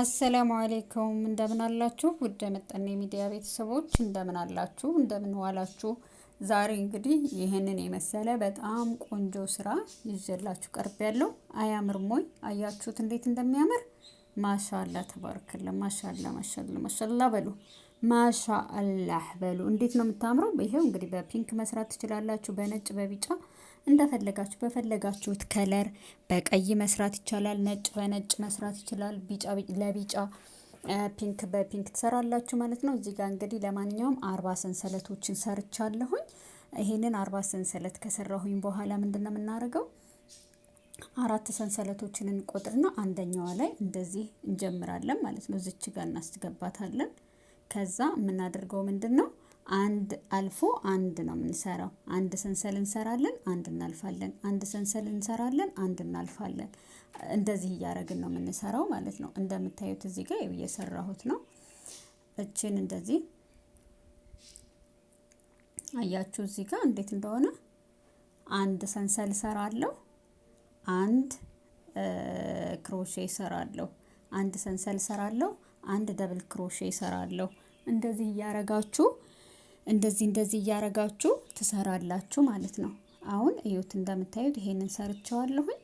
አሰላሙ አሌይኩም እንደምን አላችሁ? ውድ ምጠን የሚዲያ ቤተሰቦች እንደምን አላችሁ? እንደምን ዋላችሁ? ዛሬ እንግዲህ ይህንን የመሰለ በጣም ቆንጆ ስራ ይዤላችሁ ቀርብ ያለው አያምርም ወይ? አያችሁት እንዴት እንደሚያምር ማሻላ ተባርክለ ማሻላ ማሻላ ማሻላ በሉ ማሻአላህ በሉ። እንዴት ነው የምታምረው! ይሄው እንግዲህ በፒንክ መስራት ትችላላችሁ፣ በነጭ በቢጫ እንደፈለጋችሁ በፈለጋችሁት ከለር በቀይ መስራት ይቻላል። ነጭ በነጭ መስራት ይችላል። ቢጫ ለቢጫ ፒንክ በፒንክ ትሰራላችሁ ማለት ነው። እዚህ ጋር እንግዲህ ለማንኛውም አርባ ሰንሰለቶችን ሰርቻለሁኝ። ይሄንን አርባ ሰንሰለት ከሰራሁኝ በኋላ ምንድን ነው የምናደርገው? አራት ሰንሰለቶችን እንቆጥርና አንደኛዋ ላይ እንደዚህ እንጀምራለን ማለት ነው። ዝች ጋር እናስገባታለን። ከዛ የምናደርገው ምንድን ነው አንድ አልፎ አንድ ነው የምንሰራው። አንድ ሰንሰል እንሰራለን፣ አንድ እናልፋለን፣ አንድ ሰንሰል እንሰራለን፣ አንድ እናልፋለን። እንደዚህ እያደረግን ነው የምንሰራው ማለት ነው። እንደምታዩት እዚህ ጋር እየሰራሁት ነው። እችን እንደዚህ አያችሁ፣ እዚህ ጋር እንዴት እንደሆነ አንድ ሰንሰል እሰራለሁ፣ አንድ ክሮሼ እሰራለሁ፣ አንድ ሰንሰል እሰራለሁ፣ አንድ ደብል ክሮሼ እሰራለሁ። እንደዚህ እያረጋችሁ እንደዚህ እንደዚህ እያረጋችሁ ትሰራላችሁ ማለት ነው። አሁን እዩት፣ እንደምታዩት ይሄንን ሰርቸዋለሁኝ።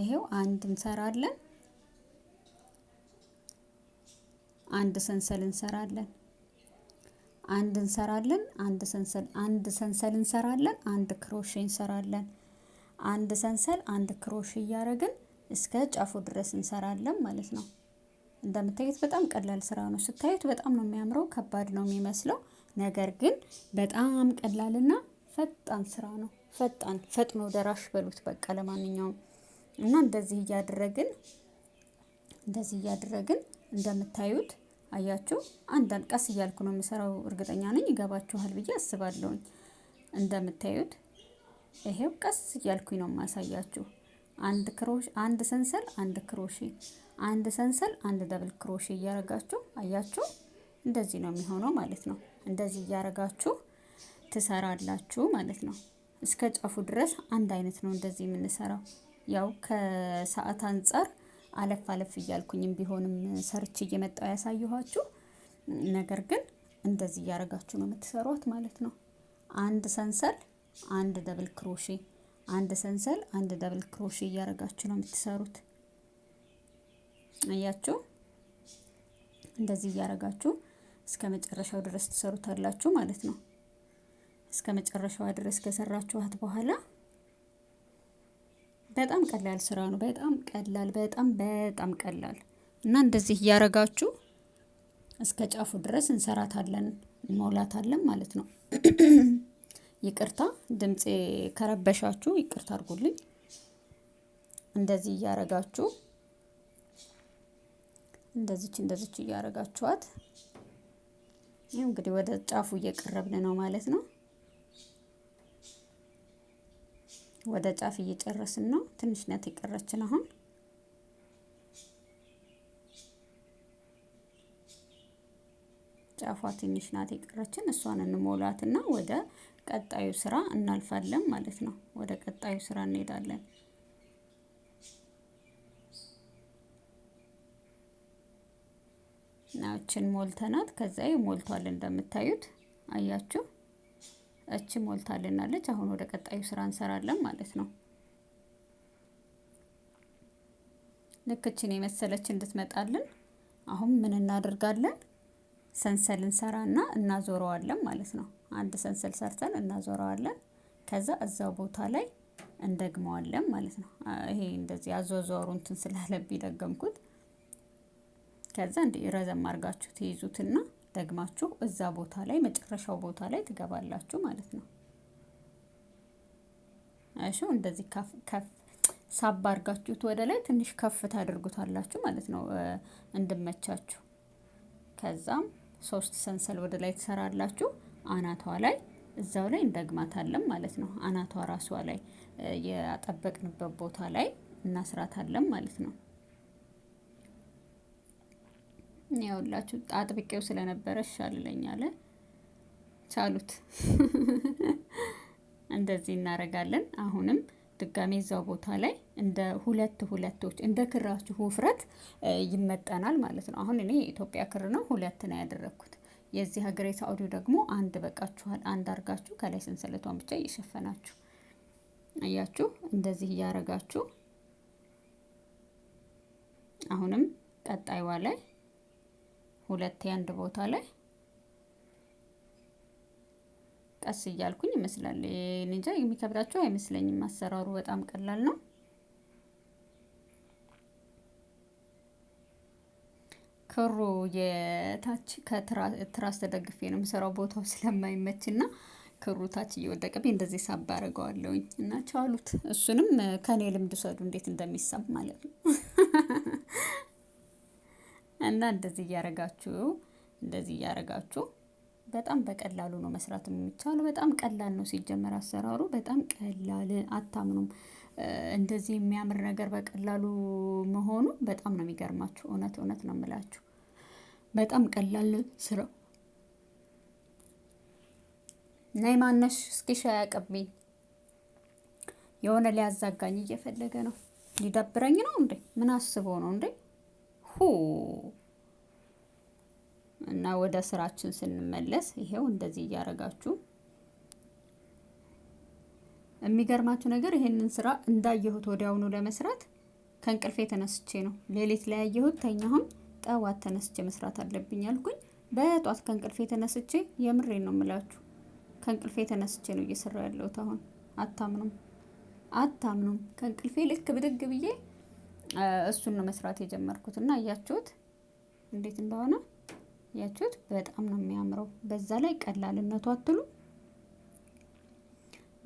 ይሄው አንድ እንሰራለን፣ አንድ ሰንሰል እንሰራለን፣ አንድ እንሰራለን፣ አንድ ሰንሰል አንድ ሰንሰል እንሰራለን፣ አንድ ክሮሼ እንሰራለን፣ አንድ ሰንሰል አንድ ክሮሼ እያረግን እስከ ጫፉ ድረስ እንሰራለን ማለት ነው። እንደምታዩት በጣም ቀላል ስራ ነው። ስታዩት በጣም ነው የሚያምረው። ከባድ ነው የሚመስለው ነገር ግን በጣም ቀላልና ፈጣን ስራ ነው። ፈጣን ፈጥኖ ደራሽ በሉት በቃ ለማንኛውም እና እንደዚህ እያደረግን እንደዚህ እያደረግን እንደምታዩት አያችሁ፣ አንዳንድ ቀስ እያልኩ ነው የምሰራው። እርግጠኛ ነኝ ይገባችኋል ብዬ አስባለሁኝ። እንደምታዩት ይሄው ቀስ እያልኩኝ ነው የማሳያችሁ። አንድ ክሮሽ አንድ ሰንሰል አንድ ክሮሼ አንድ ሰንሰል አንድ ደብል ክሮሼ እያረጋችሁ አያችሁ፣ እንደዚህ ነው የሚሆነው ማለት ነው። እንደዚህ እያደረጋችሁ ትሰራላችሁ ማለት ነው። እስከ ጫፉ ድረስ አንድ አይነት ነው እንደዚህ የምንሰራው። ያው ከሰዓት አንጻር አለፍ አለፍ እያልኩኝም ቢሆንም ሰርች እየመጣው ያሳየኋችሁ። ነገር ግን እንደዚህ እያደረጋችሁ ነው የምትሰሯት ማለት ነው። አንድ ሰንሰል፣ አንድ ደብል ክሮሼ፣ አንድ ሰንሰል፣ አንድ ደብል ክሮሼ እያደረጋችሁ ነው የምትሰሩት። አያችሁ፣ እንደዚህ እያደረጋችሁ እስከ መጨረሻው ድረስ ትሰሩታላችሁ ማለት ነው። እስከ መጨረሻዋ ድረስ ከሰራችኋት በኋላ በጣም ቀላል ስራ ነው። በጣም ቀላል በጣም በጣም ቀላል እና እንደዚህ እያረጋችሁ እስከ ጫፉ ድረስ እንሰራታለን እንሞላታለን ማለት ነው። ይቅርታ ድምፄ ከረበሻችሁ ይቅርታ አድርጉልኝ። እንደዚህ እያረጋችሁ እንደዚች እንደዚች እያረጋችኋት ይህ እንግዲህ ወደ ጫፉ እየቀረብን ነው ማለት ነው። ወደ ጫፍ እየጨረስን ነው። ትንሽ ናት የቀረችን አሁን ጫፏ ትንሽ ናት የቀረችን። እሷን እንሞላትና ወደ ቀጣዩ ስራ እናልፋለን ማለት ነው። ወደ ቀጣዩ ስራ እንሄዳለን። እችን ሞልተናት ከዛ ሞልቷል እንደምታዩት አያችሁ እች ሞልታልናለች። አሁን ወደ ቀጣዩ ስራ እንሰራለን ማለት ነው። ልክ እችን የመሰለች እንድትመጣልን አሁን ምን እናደርጋለን? ሰንሰል እንሰራና እናዞረዋለን ማለት ነው። አንድ ሰንሰል ሰርተን እናዞረዋለን። ከዛ እዛው ቦታ ላይ እንደግመዋለን ማለት ነው። ይሄ እንደዚህ አዟዟሩ እንትን ስላለብኝ ደገምኩት። ከዛ እንዲ ረዘም አድርጋችሁ ትይዙትና ደግማችሁ እዛ ቦታ ላይ መጨረሻው ቦታ ላይ ትገባላችሁ ማለት ነው። እሺ እንደዚህ ከፍ ከፍ ሳብ አድርጋችሁት ወደ ላይ ትንሽ ከፍ ታደርጉታላችሁ ማለት ነው እንድመቻችሁ። ከዛም ሶስት ሰንሰል ወደ ላይ ትሰራላችሁ። አናቷ ላይ እዛው ላይ እንደግማታለን ማለት ነው። አናቷ ራሷ ላይ ያጠበቅንበት ቦታ ላይ እናስራታለን ማለት ነው። ያውላችሁ አጥብቄው ስለነበረ ሻልለኝ አለ። ቻሉት። እንደዚህ እናደርጋለን። አሁንም ድጋሜ እዛው ቦታ ላይ እንደ ሁለት ሁለቶች እንደ ክራችሁ ውፍረት ይመጠናል ማለት ነው። አሁን እኔ የኢትዮጵያ ክር ነው ሁለት ነው ያደረግኩት። የዚህ ሀገር የሳዑዲው ደግሞ አንድ በቃችኋል። አንድ አርጋችሁ ከላይ ሰንሰለቷን ብቻ እየሸፈናችሁ አያችሁ፣ እንደዚህ እያረጋችሁ አሁንም ቀጣይዋ ላይ ሁለት አንድ ቦታ ላይ ቀስ እያልኩኝ ይመስላል። እንጃ የሚከብዳቸው አይመስለኝም። አሰራሩ በጣም ቀላል ነው። ክሩ የታች ከትራስ ተደግፌ ነው የምሰራው ቦታው ስለማይመች እና ክሩ ታች እየወደቀብኝ እንደዚህ ሳብ አደርገዋለሁኝ እና ቻሉት። እሱንም ከኔ ልምድ ሰዱ እንዴት እንደሚሳብ ማለት ነው። እና እንደዚህ እያረጋችሁ እንደዚህ እያረጋችሁ በጣም በቀላሉ ነው መስራት የሚቻለው። በጣም ቀላል ነው ሲጀመር አሰራሩ በጣም ቀላል አታምኑም። እንደዚህ የሚያምር ነገር በቀላሉ መሆኑ በጣም ነው የሚገርማችሁ። እውነት እውነት ነው የምላችሁ። በጣም ቀላል ስራው። ናይ ማነሽ እስኪ ሻይ አቅብኝ። የሆነ ሊያዛጋኝ እየፈለገ ነው። ሊዳብረኝ ነው እንዴ? ምን አስቦ ነው እንዴ? ሁ እና ወደ ስራችን ስንመለስ ይሄው እንደዚህ እያደረጋችሁ የሚገርማችሁ ነገር ይሄንን ስራ እንዳየሁት ወዲያውኑ ለመስራት ከእንቅልፌ ተነስቼ ነው። ሌሊት ላይ ያየሁት ተኛሁኝ። ጠዋት ተነስቼ መስራት አለብኝ አልኩኝ። በጧት ከእንቅልፌ ተነስቼ የምሬን ነው የምላችሁ፣ ከእንቅልፌ ተነስቼ ነው እየሰራ ያለሁት አሁን። አታምኑም፣ አታምኑም። ከእንቅልፌ ልክ ብድግ ብዬ እሱን ነው መስራት የጀመርኩት እና እያችሁት እንዴት እንደሆነ እያችሁት በጣም ነው የሚያምረው። በዛ ላይ ቀላልነቱ አትሉ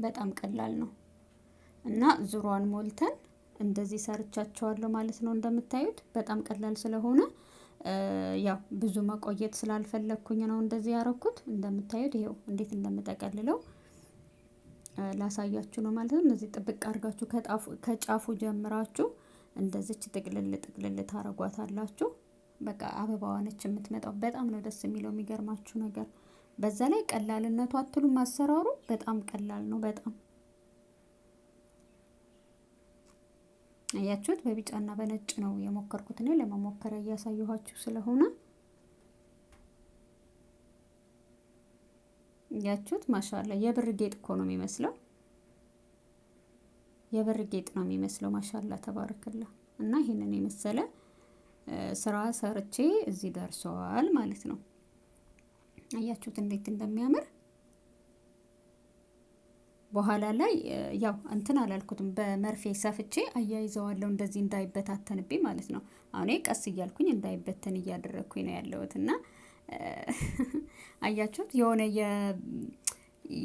በጣም ቀላል ነው እና ዙሯን ሞልተን እንደዚህ ሰርቻቸዋለሁ ማለት ነው። እንደምታዩት በጣም ቀላል ስለሆነ ያው ብዙ መቆየት ስላልፈለግኩኝ ነው እንደዚህ ያረኩት። እንደምታዩት ይሄው እንዴት እንደምጠቀልለው ላሳያችሁ ነው ማለት ነው። እነዚህ ጥብቅ አድርጋችሁ ከጫፉ ጀምራችሁ እንደዚች ጥቅልል ጥቅልል ታረጓታላችሁ። በቃ አበባዋ ነች የምትመጣው። በጣም ነው ደስ የሚለው። የሚገርማችሁ ነገር በዛ ላይ ቀላልነቱ አትሉም? አሰራሩ በጣም ቀላል ነው። በጣም አያችሁት? በቢጫና በነጭ ነው የሞከርኩት እኔ ለመሞከሪያ እያሳየኋችሁ ስለሆነ ያችሁት ማሻላ የብር ጌጥ እኮ ነው የሚመስለው። የበር ጌጥ ነው የሚመስለው። ማሻላ ተባረክላ እና ይህንን የመሰለ ስራ ሰርቼ እዚህ ደርሰዋል ማለት ነው። አያችሁት እንዴት እንደሚያምር በኋላ ላይ ያው እንትን አላልኩትም፣ በመርፌ ሰፍቼ አያይዘዋለሁ እንደዚህ እንዳይበታተንብኝ ማለት ነው። አሁን ቀስ እያልኩኝ እንዳይበተን እያደረግኩኝ ነው ያለሁት እና አያችሁት የሆነ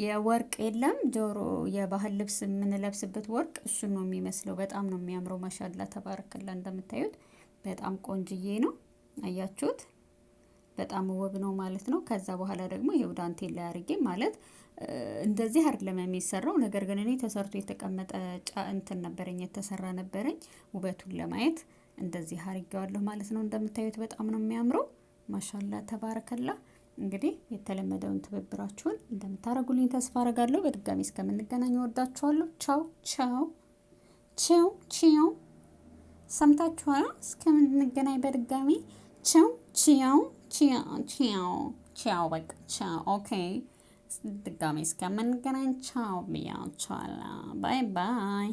የወርቅ የለም ጆሮ የባህል ልብስ የምንለብስበት ወርቅ እሱን ነው የሚመስለው። በጣም ነው የሚያምረው። ማሻላ ተባረከላ። እንደምታዩት በጣም ቆንጅዬ ነው። አያችሁት? በጣም ውብ ነው ማለት ነው። ከዛ በኋላ ደግሞ ይሄው ዳንቴል ላይ አድርጌ ማለት እንደዚህ አይደለም የሚሰራው። ነገር ግን እኔ ተሰርቶ የተቀመጠ ጫ እንትን ነበረኝ የተሰራ ነበረኝ። ውበቱን ለማየት እንደዚህ አድርጌዋለሁ ማለት ነው። እንደምታዩት በጣም ነው የሚያምረው። ማሻላ ተባረከላ እንግዲህ የተለመደውን ትብብራችሁን እንደምታደርጉልኝ ተስፋ አረጋለሁ። በድጋሚ እስከምንገናኝ ወዳችኋለሁ። ቻው ቻው ቻው ቻው። ሰምታችኋል። እስከምንገናኝ በድጋሚ ቻው ቻው ቻው ቻው ቻው። በቃ ቻው። ኦኬ ድጋሚ እስከምንገናኝ ቻው ብያችኋለሁ። ባይ ባይ።